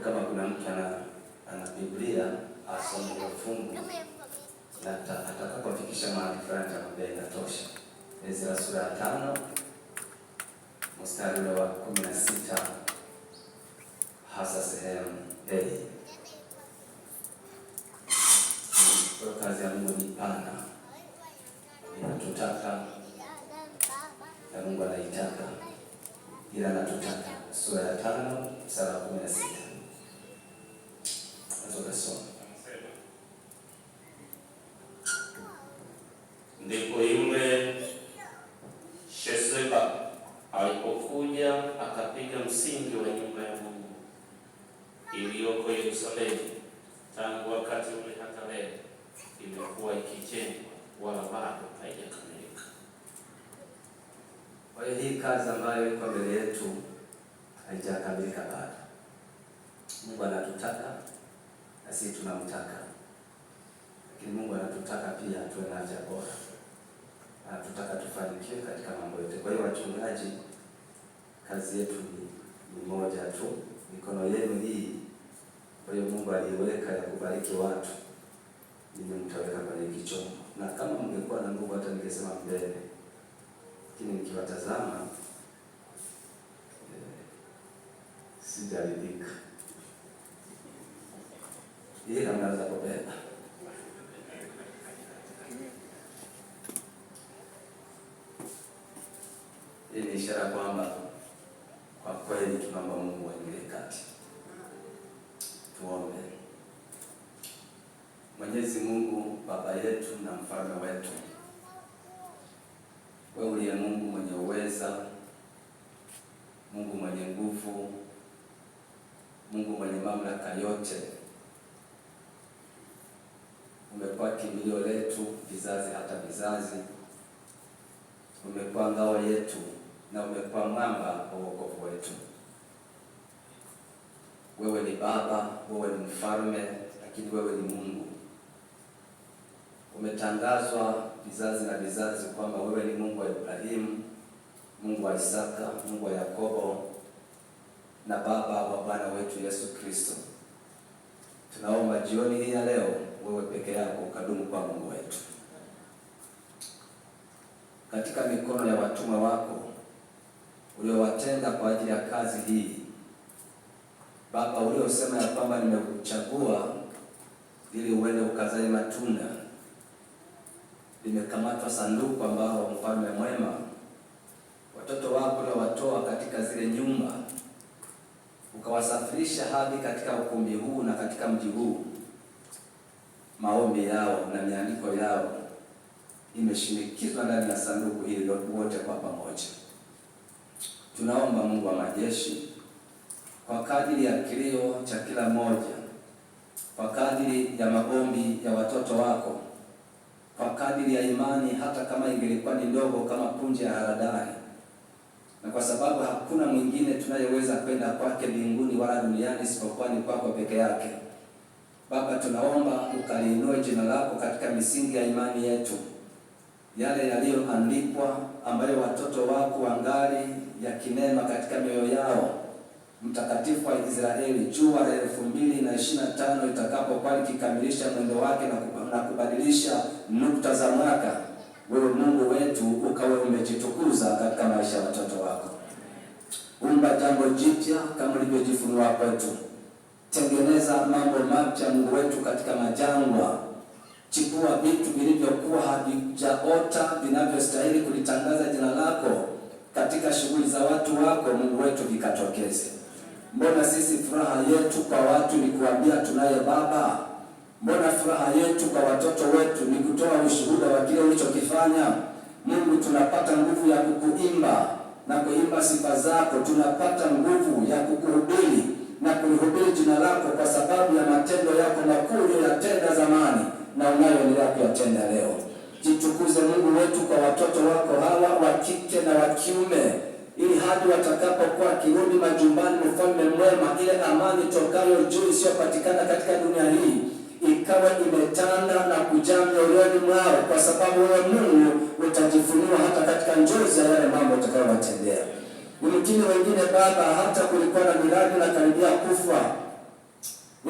kama kuna mtu ana, ana Biblia asome kwa fungu na atakapofikisha mahali fulani atakwambia inatosha. Ezra sura ya tano mstari wa kumi na sita hasa sehemu hey. Kazi ya Mungu ni pana, inatutaka na Mungu anaitaka, ila anatutaka. Sura ya tano mstari wa kumi na sita. Yesu ndipo yule Sheseba alipokuja akapiga msingi wa nyumba ya Mungu iliyoko Yerusalemu. Tangu wakati ule hata leo imekuwa ikijengwa, wala bado haijakamilika. Kwa hiyo hii kazi ambayo iko mbele yetu haijakamilika bado. Mungu anatutaka na sisi tunamtaka, lakini Mungu anatutaka pia tuwe na afya bora, anatutaka tufanikiwe katika mambo yote. Kwa hiyo wachungaji, kazi yetu ni, ni moja tu, mikono yenu hii. Kwa hiyo Mungu aliweka ya kubariki watu, mimi mtaweka kwenye kichombo, na kama mngekuwa na nguvu hata ningesema mbele, lakini nikiwatazama eh, sijaridhika ila mnaweza kubeba. Hii ni ishara kwamba kwa kweli tunaomba Mungu aingilie kati. Tuombe. Mwenyezi Mungu Baba yetu na mfalme wetu, wewe uliye Mungu mwenye uweza, Mungu mwenye nguvu, Mungu mwenye mamlaka yote umekuwa kimbilio letu vizazi hata vizazi, umekuwa ngao yetu na umekuwa mwamba wa wokovu wetu. Wewe ni Baba, wewe ni Mfalme, lakini wewe ni Mungu. Umetangazwa vizazi na vizazi kwamba wewe ni Mungu wa Ibrahimu, Mungu wa Isaka, Mungu wa Yakobo na Baba wa Bwana wetu Yesu Kristo. Tunaomba jioni hii ya leo wewe peke yako ukadumu kwa Mungu wetu. Katika mikono ya watumwa wako uliowatenga kwa ajili ya kazi hii, Baba, uliosema ya kwamba nimekuchagua ili uende ukazae matunda, limekamatwa sanduku ambao mfalme mwema, watoto wako uliowatoa katika zile nyumba ukawasafirisha hadi katika ukumbi huu na katika mji huu maombi yao na miandiko yao imeshinikizwa ndani ya sanduku hili wote kwa pamoja. Tunaomba Mungu wa majeshi, kwa kadiri ya kilio cha kila mmoja, kwa kadiri ya maombi ya watoto wako, kwa kadiri ya imani, hata kama ingelikuwa ni ndogo kama punje ya haradali, na kwa sababu hakuna mwingine tunayeweza kwenda kwake mbinguni wala duniani isipokuwa ni kwako peke yake Baba, tunaomba ukaliinue jina lako katika misingi ya imani yetu, yale yaliyoandikwa ambayo watoto wako wangali yakinema katika mioyo yao. Mtakatifu wa Israeli, jua la elfu mbili na ishirini na tano itakapokuwa likikamilisha mwendo wake na kubadilisha nukta za mwaka, wewe Mungu wetu ukawe umejitukuza katika maisha ya watoto wako. Umba jambo jipya kama ulivyojifunua kwetu tengeneza mambo mapya, Mungu wetu, katika majangwa. Chipua vitu vilivyokuwa havijaota vinavyostahili kulitangaza jina lako katika shughuli za watu wako, Mungu wetu, vikatokeze. Mbona sisi furaha yetu kwa watu ni kuambia tunaye baba? Mbona furaha yetu kwa watoto wetu ni kutoa ushuhuda wa kile ulichokifanya? Mungu, tunapata nguvu ya kukuimba na kuimba sifa zako, tunapata nguvu ya kukuhubiri sababu ya matendo yako makuu uliyoyatenda zamani na unayoendelea kuyatenda leo. Jitukuze Mungu wetu kwa watoto wako hawa wa kike na wa kiume, ili hadi watakapokuwa kirudi majumbani, mfalme mwema, ile amani tokayo juu isiyopatikana katika dunia hii ikawa imetanda na kujaa mioyoni mwao, kwa sababu wewe Mungu utajifunua hata katika njozi ya yale mambo utakayowatendea. Mumkini wengine Baba, hata kulikuwa na miradi na karibia kufa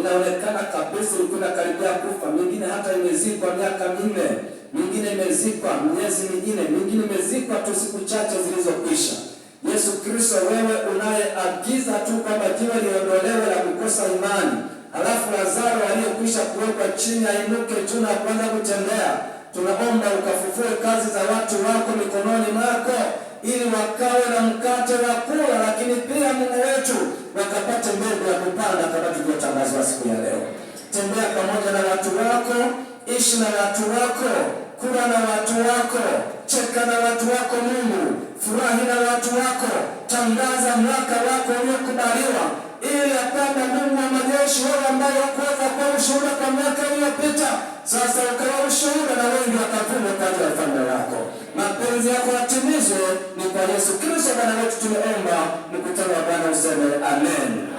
inaonekana kabisa ilikuwa karibia kufa, mingine hata imezikwa miaka minne, mingine imezikwa miezi mingine, mingine imezikwa tu siku chache zilizokwisha. Yesu Kristo, wewe unayeagiza tu kwamba jiwe liondolewe la kukosa imani, halafu Lazaro aliyekwisha kuwekwa chini ainuke tu na kuanza kutembea, tunaomba ukafufue kazi za watu wako mikononi mwako, ili wakawe na mkate wa kula, lakini pia Mungu wetu maana mkakati uliotangazwa siku ya leo. Tembea pamoja na watu wako, ishi na watu wako, kula na watu wako, cheka na watu wako Mungu, furahi na watu wako, tangaza mwaka wako uliokubaliwa, ili ya kwamba Mungu wa majeshi wale ambao wakuweza kuwa ushuhuda kwa mwaka uliopita, sasa ukawa ushuhuda na wengi wakavuna kazi ya ufalme wako. Mapenzi yako yatimizwe, ni kwa Yesu Kristo Bwana wetu tumeomba. Mkutano wa Bwana useme amen.